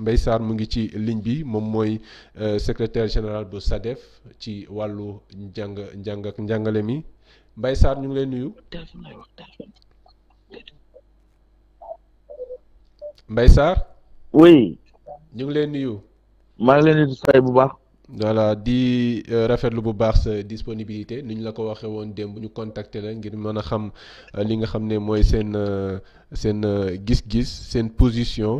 Mbaye Sarr mu ngi ci ligne bi moom mooy euh, secrétaire général bu SADEF ci wàllu njàng njàng ak njàngale mi Mbaye Sarr ñu ngi lay nuyu. Mbaye Sarr. oui. ñu ngi leen nuyu. maa ngi leen di fay bu baax. voilà di euh, rafetlu bu baax sa disponibilité ni ñu la ko waxee woon démb ñu contacter la ngir mën a xam euh, li nga xam ne mooy seen euh, seen gis-gis seen position.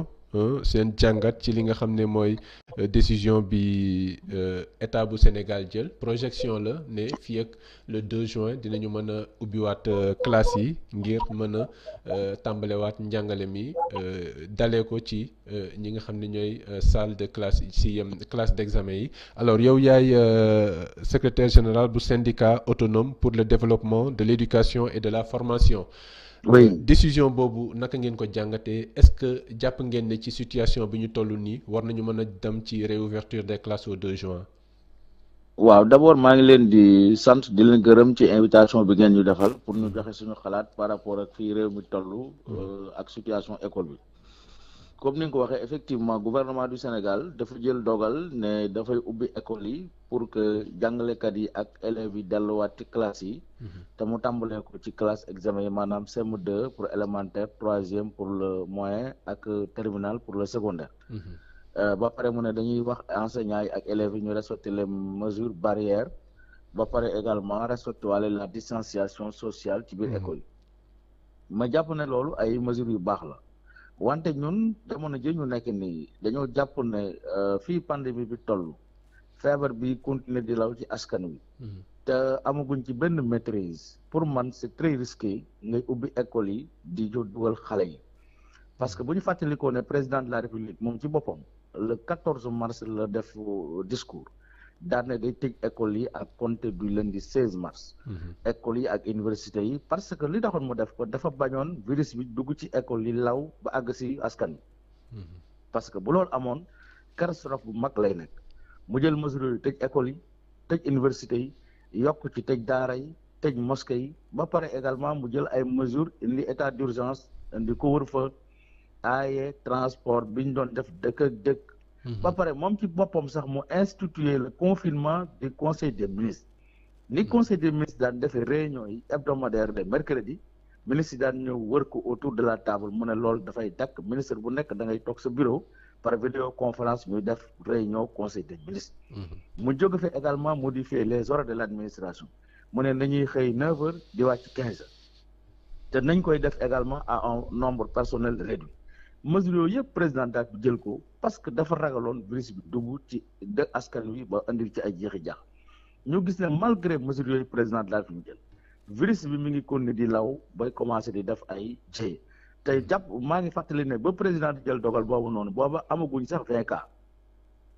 seen jàngat ci li nga xam ne mooy euh, décision bi euh, état bu Sénégal jël projection la ne fii le 2 juin dinañu mën a ubbiwaat euh, classe yi ngir mën a tàmbalewaat njàngale mi dalee ko ci ñi nga xam ne ñooy salle de classe ci classe d'examen yi alors yow yaay secretaire général bu syndicat autonome pour le développement de l'éducation et de la formation oui décision boobu naka ngeen ko jàngatee est-ce que jàpp ngeen ne ci situation bi ñu toll nii war nañu mën a dem ci réouverture des classes au 2 juin. waaw d'abord maa ngi leen di sant di leen gërëm ci invitation bi ngeen ñu defal pour ñu joxe suñu xalaat par rapport ak fii réew mi toll. Mm. Euh, ak situation école bi. comme ni nga ko waxee effectivement gouvernement du Sénégal dafa jël dogal ne dafay ubbi école yi pour que jàngalekat yi ak élèves yi delluwaat ci classe yi. Mhm. te mu tàmbalee ko ci classe examen yi maanaam CM2 pour élémentaire troisième pour le moyen ak terminal pour le secondaire. Mhm. Euh, ba pare mu ne dañuy wax enseignants yi ak élèves yi ñu respecter les mesures barrières ba pare également respecter wàlle la distanciation sociale ci biir mhm. école yi. ma jàpp ne loolu ay mesures yu baax la. wante ñun jamono ji ñu nekk nii dañoo jàpp ne euh, fii pandémie bi toll feebar bi continuer di law ci askan wi. Hmm. te amaguñ ci benn maîtrise pour man c'est très risqué ngay ubbi école yi di jo dugal xale yi parce que bu ñu fàttalikoo ne président de la république moom ci boppam le 14 mars la def discours. daan na day tëj école yi ak compter du lundi 16 mars. Mhm. école yi ak université yi parce que li taxoon mu def ko dafa bañoon virus bi dugg ci école yi law ba àgg si askan mhm. parce que bu loolu amoon catastrophe bu mag lay nekk mu jël mesure yi tëj école yi tëj université yi yokk ci tëj daara yi tëj mosquée yi ba pare également mu jël ay mesures indi état d'urgence indi ko couvre-feu aaye transport bi ñu doon def dëkk dëkk. Mhm. ba pare moom ci boppam sax mu instituer le confinement du conseil des ministres ni mhm. conseil des ministres daan defee réunion yi hebdomadaire de mercredi ministre daan ñëw wër ko autour de la table mu ne lool dafay dakk ministre bu nekk da ngay toog sa bureau par vidéo conférence ñuy def réunion conseil des ministres mhm. mu jóge fi également modifier les horaires de l' administration mu ne nañuy xëy neuf heures di wàcc quinze te nañ koy def également à un nombre personnel réduit mesures yooyu yëpp président daal bi jël ko parce que dafa ragaloon virus bi dugg ci de askan wi ba indi ci ay jeexi jax ñu gis ne malgré mesures yooyu président daal bi jël virus bi mi ngi continuer di law bay commencé di def ay jéey tey jàpp maa ngi fàttali ne ba président di jël dogal boobu noonu booba amaguñ sax vingt cas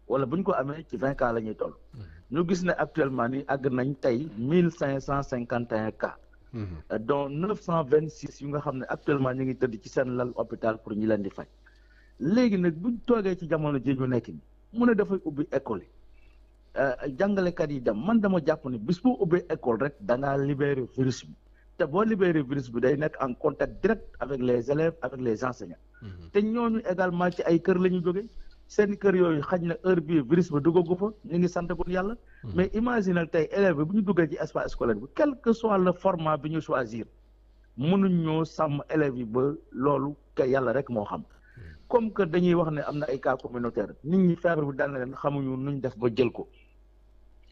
wala bu ñu ko amee ci vingt cas la ñuy toll mm. ñu gis ne actuellement ni àgg nañ tey mille cinq cent cinquante et un cas Mm-hmm. Euh, dont neuf cent vingt six yu nga xam ne actuellement ñu ngi tëdd ci seen lal hôpital pour ñi leen di faj léegi nag buñ toogee ci jamono ji ñu nekk ni a ne dafay ubbi école yi euh, jàngalekat yi dem man dama jàpp ne bis boo ubbee école rek da ngaa libéré virus bi te boo libéré virus bi day nekk en contact direct avec les élèves avec les enseignants mm-hmm. te ñooñu également ci ay kër la ñu seen kër yooyu xaj na heure bii virus ba duggagu fa ñu ngi sant gun yàlla. Hmm. mais imaginer tey élèves bi bu ñu duggee ci espace scolaire bi quel que soit le format bi ñu choisir mënuñ ñoo sàmm élève yi ba loolu ka yàlla rek moo xam. Hmm. comme que dañuy wax ne am na ay cas communautaire nit ñi feebar bi daan na leen xamuñu nuñ def ba jël ko.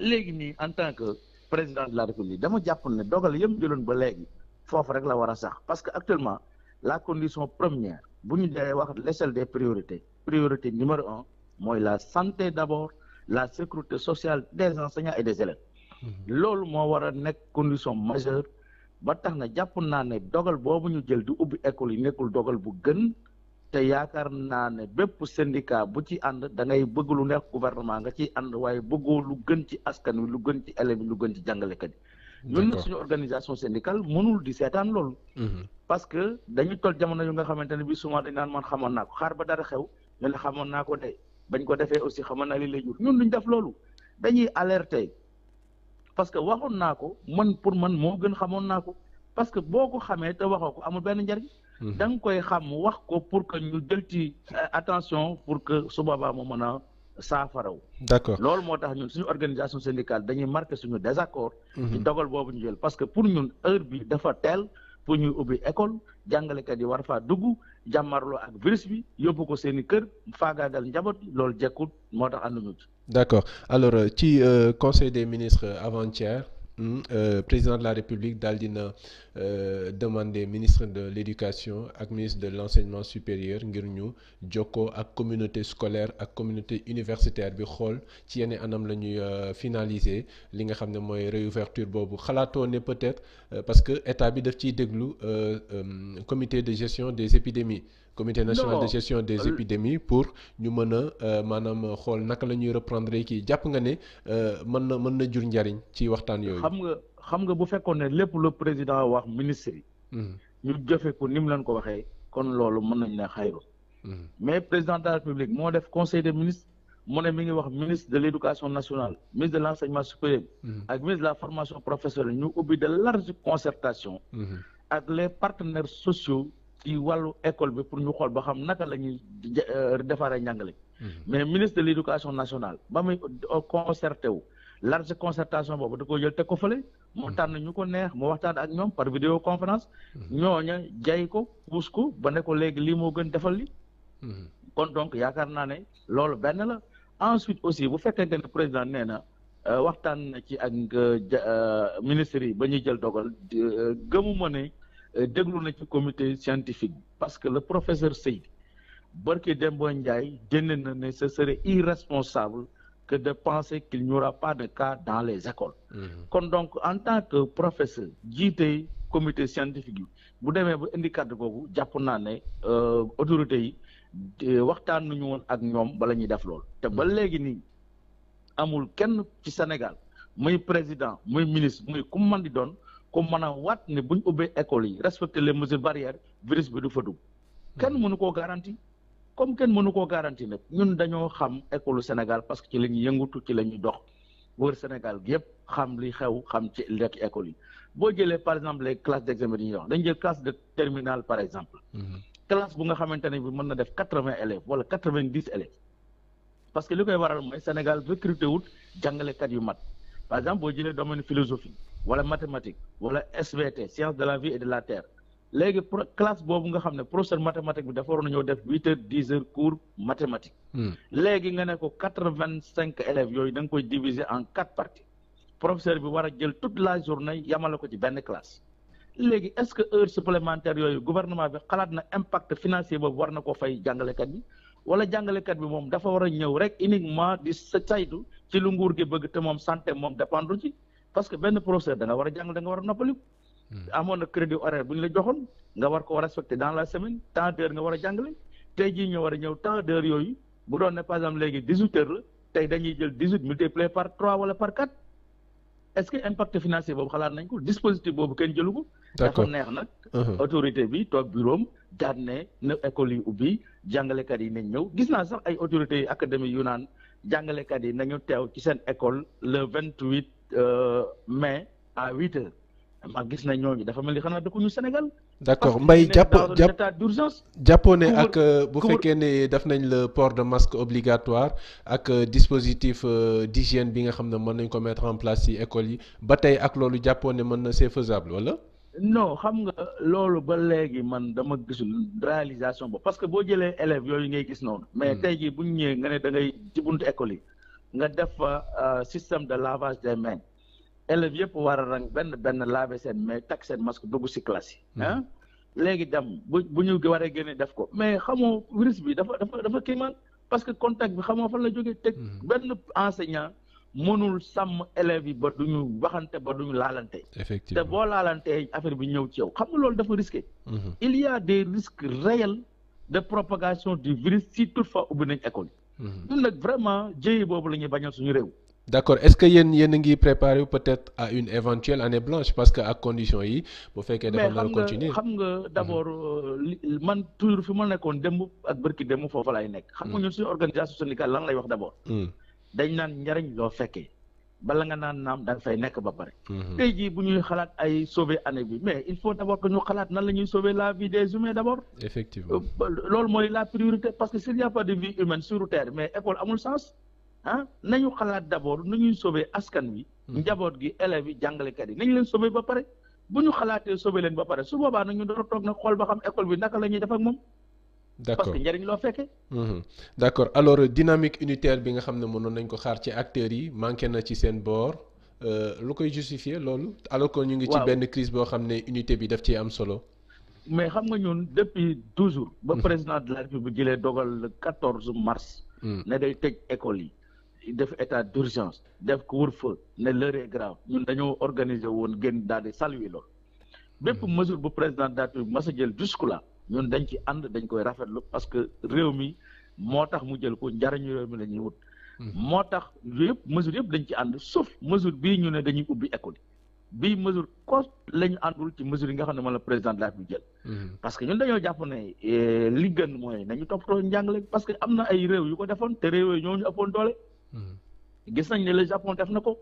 léegi nii en tant que président de la république dama jàpp ne dogal yëpp jëloon ba léegi foofu rek la war a sax parce que actuellement la condition première. bu ñu dee wax l'échelle des priorités priorité numéro un mooy la santé d'abord la sécurité sociale des enseignants et des élèves mm-hmm. loolu moo war a nekk condition majeure ba tax na jàpp naa ne dogal boobu ñu jël di ubbi école yi nekkul dogal bu gën te yaakaar naa ne bépp syndicat bu ci ànd da ngay bëgg lu neex gouvernement nga ci ànd waaye bëggoo lu gën ci askan wi lu gën ci élèves yi lu gën ci jàngalekat yi ñun nag suñu organisation syndicale mënul di seetaan loolu. Mhm. parce que dañu toll jamono yu nga xamante ne bii souvent dañ naan man xamoon naa ko xaar ba dara xew ñu ne xamoon naa ko de bañ ko defee aussi xamoon naa li lay jur ñun duñ def loolu dañuy alerter parce que waxoon naa ko man pour man moo gën xamoon naa ko parce que boo ko xamee te waxoo ko amul benn njariñ. Mhm. da nga koy xam wax ko pour que ñu jël ci euh, attention pour que su boobaa mu mën a. saafaraw d'accord loolu moo tax ñun suñu organisation syndicale dañuy marqué suñu désaccord mhm. ci dogal boobu ñu jël parce que pour ñun heure bi dafa teel pour ñuy ubbi école jàngalekat yi war faa dugg jàmmarloo ak virus bi yóbbu ko seen i kër faagaagal njaboot loolu jekkut moo tax ànduñu ci d'accord alors euh, ci euh, conseil des ministres avant-hier Euh, président de la république daal dina euh, demande ministre de l'éducation ak ministre de l'enseignement supérieur ngir ñu jokkoo ak communauté scolaire ak communauté universitaire bi xool ci yenn anam la ñuy euh, finaliser li nga xam ne mooy réouverture boobu xalaatoo ne peut-être parce que état bi daf ciy déglu comité de gestion des épidémies comité national de gestion des euh, épidémies pour ñu mën a euh, maanaam xool naka la ñuy reprendre kii jàpp nga ne euh, mën na mën na jur njariñ ci waxtaan yooyu. xam nga xam nga bu fekkoon ne lépp lu président wax ministre yi. Hmm. ñu jëfe ko ni mu leen ko waxee kon loolu mën nañ ne xayru. Hmm. mais président de la république moo def conseil des ministres mu ne mi ngi wax ministre de l' nationale ministre de l' enseignement hmm. ak ministre de la formation professionnelle ñu ci wàllu école bi pour ñu xool ba xam naka la ñuy euh, defaree njàngale. Mm-hmm. mais ministre de l' nationale ba muy concerté wu large concertation boobu da ko jël teg ko fële. moo mm-hmm. tànn ñu ko neex mu waxtaan ak ñoom par vidéo conférence. Mm-hmm. ñooña jay ko puus ko ba ne ko léegi lii moo gën defal li kon donc yaakaar naa ne loolu benn la ensuite aussi bu fekkente ne président nee na euh, waxtaan na ci ak euh, ministre yi ba ñuy jël dogal gëmu ma ne. Euh, déglu na ci comité scientifique parce que le professeur Seydi Barki Dembo Ndiaye génne na ne ce serait irresponsable que de penser qu'il n'y aura pas de cas dans les écoles. Mhm. kon donc en tant que professeur jiite comité scientifique yi bu demee ba indi kàddu boobu jàpp naa ne euh, autorités yi euh, waxtaan nañu woon ak ñoom bala ñuy def loolu. te ba mhm. léegi nii amul kenn ci Sénégal muy président muy ministre muy ku mën di doon. comme mën a waat ne bu ñu école yi respecter les mesures barrières virus bi du fa dugg kenn mënu koo garanti comme kenn mënu koo garanti nag ñun dañoo xam école Sénégal parce que ci la ñuy ci la ñuy dox wër Sénégal gi yëpp xam li xew xam ci lekk école yi boo jëlee par exemple les classes d'examen yi ñuy wax dañ jël classe de terminale par exemple mm-hmm. classe bu nga xamante ne bi mën na def quatre-vingts élèves wala quatre-vingt-dix élèves parce que li koy waral mooy Sénégal recruté wut jàngalekat yu mat par exemple boo jëlee domaine philosophie wala mathématique wala SVT science de la vie et de la terre léegi pro classe boobu nga xam ne professeur mathématique bi dafa waroon ñëw def huit heures dix heures cours mathématique. Hmm. léegi nga ne ko quatre vingt cinq élèves yooyu da nga koy diviser en quatre parties professeur bi war a jël toute la journée yamale ko ci benn classe. léegi est-ce que heure supplémentaire yooyu gouvernement bi xalaat na impact financier boobu war na ko fay jàngalekat bi wala jàngalekat bi moom dafa war a ñëw rek uniquement di saytu ci lu nguur gi bëgg te moom santé moom dépendre ci. parce que benn professeur da war a jàng da nga war a noppalu. Hmm. amoon na crédit horaire bu ñu la joxoon nga war ko respecter dans la semaine tant d'heure nga war a jàngale tey jii ñu war a ñëw tant d'heure yooyu bu doon ne par exemple léegi dix la tey dañuy jël dix huit multiplié par trois wala par quatre est-ce que impact financier boobu xalaat nañ ko dispositif boobu kenn jëlu ko. dafa neex nag. Uh-huh. autorité bi toog bureau daat ne na école yu ubbi jàngalekat yi nañ ñëw gis naa sax ay autorités yi académie yu naan. jàngalekat yi nañu teew ci seen école le vingt huit euh, mai à huit heures ma gis na ñooñu dafa mel ni xanaa dëkkuñu Sénégal. d'accord mbay jàpp jàpp jàppoo ne ak euh, bu fekkee ne daf nañ la port de masque obligatoire ak euh, dispositif d'hygiène bi nga xam ne mën nañ ko mettre en place ci école yi ba tey ak loolu jàppoo ne mën na c'est faisable wala. no xam nga loolu ba léegi man dama gisul réalisation ba parce que boo jëlee élèves yooyu ngay gis noonu. mais hmm. tey jii bu ñu ñëwee nga ne da ngay ci buntu école yi nga def fa euh, système de lavage des mains élèves yëpp war a rang benn benn laver seen main takk seen masque dugg si classe yi. Hmm. léegi dem bu bu ñu waree génnee def ko mais xamoo virus bi dafa dafa dafa kii parce que contact bi xamoo fan la jógee. teg hmm. benn enseignant. mënul sàmm élèves yi ba duñu waxante ba duñu laalante. effectivement te boo laalantee affaire bi ñëw ci yow xam nga loolu dafa risqué. Mhm. il y a des risques réels de propagation du virus si toutefois ubbi nañ école yi. Mhm. ñun nag vraiment jéey boobu la bañal suñu réew. d' est ce que yéen yéen a ngi préparé peut être à une éventuelle ne blanche parce que ak condition yi bu fekkee dafa nar continuer nga mhm. d' abord euh, man toujours fi ma nekkoon démb ak bërki démb foofu laay nekk. xam nga ñun s organisation syndicale lan lay wax d' dañ naan njariñ loo fekkee bala nga naan naam da nga nekk ba pare. Mhm. tey jii bu ñuy xalaat ay sauver année bi mais il faut d' abord ñu xalaat nan la ñuy sauver la vie des humains d' abord. Euh, loolu mooy la priorité parce que s' il y a pas de vie humaine sur mais école amul sens ah nañu xalaat d' abord nu ñuy sobee askan wi. Mhm. njaboot gi élèves yi jàngalekat yi nañ leen sobee ba pare bu ñu xalaatee sauver leen ba pare su boobaa na ñu doon toog nag xool ba xam école bi naka la ñuy def ak d' accord parce que njëriñ loo fekkee. Mhm. d' accord alors dynamique unitaire bi nga xam ne mënoon nañ ko xaar ci acteurs yi manqué na ci seen boor euh, lu koy justifier loolu. alors que ñu ngi ci benn crise boo xam ne unité bi daf ci am solo. mais xam nga ñun depuis douze ba mhm. président de la république jëlee dogal le quatorze mars. Mhm. ne day teg école yi. def état d' urgence. def couvre-feu ne l'heure est grave ñun dañoo organiser woon génn daal di saluer loolu. bépp mesure bu président de la république mas a jël jusque ñun dañ ci ànd dañ koy rafetlu parce que réew mi moo tax mu jël ko njariñu réew mi la ñuy wut. Hmm. moo tax yëpp mesure yëpp dañ ci ànd sauf mesure bii ñu ne dañuy ubbi école bii mesure ko la ñu àndul ci mesure yi nga xam ne moom la président de la République jël. Hmm. parce que ñun dañoo jàpp ne eh, li gën mooy nañu toppatoo njàngale parce que am na ay réew yu ko defoon te réew yooyu ñoo ñu ëppoon doole. Hmm. gis nañ ne le Japon def na ko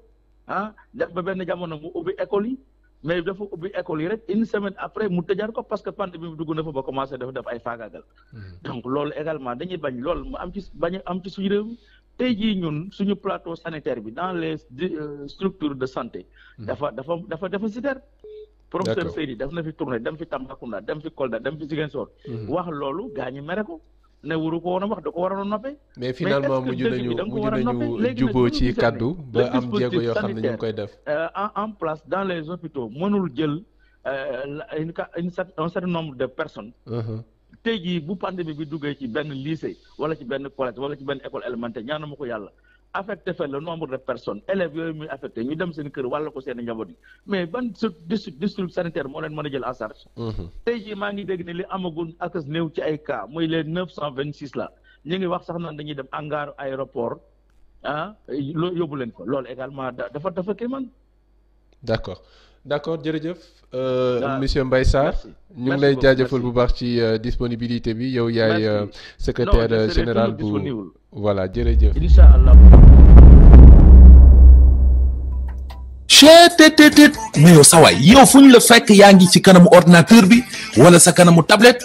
ah def ba benn jamono mu ubbi école yi. mais dafa ubbi école yi rek une semaine après mu tëjaat ko parce que pant bi dugg na fa ba commencé dafa def ay faagaagal. Hmm. donc loolu également dañuy bañ loolu mu am ci bañ am ci suñu réew tey jii ñun suñu plateau sanitaire bi dans les euh, structures de santé. Hmm. dafa dafa dafa déficitaire. professeur Seydi daf na fi tourné dem fi Tambacounda dem fi Kolda dem fi Ziguinchor. Hmm. wax loolu gaa ñi mere ko. ne wuru ko woon a wax da ko waroon a noppee. mais finalement mujj nañu mujj nañu juboo ci kaddu. ba am jéego yoo xam ne ñu koy def. Euh, en en place dans les hôpitaux mënul jël euh, une un certain nombre de personnes. Uh-huh. tey jii bu pandémie bi duggee ci benn lycée wala ci benn collège wala ci benn école élémentaire ñaanuma ko yàlla. affecté fa nombre de personnes élèves yooyu muy affecté ñu dem seen kër wàll ko seen njaboot yi mais ban su district sanitaire moo leen mën a jël en charge. Mm-hmm. tey jii maa ngi dégg ne li amagun ak néew ci ay cas muy les neuf cent vingt six la ñu ngi wax sax naan dañuy dem hangar aéroport ah loolu yóbbu leen ko loolu également dafa dafa kii man. d' accord d' accord jërëjëf. Euh, monsieur Mbaye Sarr ñu ngi lay jaajëfal bu baax ci euh, disponibilité bi yow yaay. Euh, secrétaire général bu voilà jërëjëf incha allah. cheet tet tet mais yow sawaay yow fu ñu la fekk yaa ngi ci kanamu ordinateur bi wala sa kanamu tablette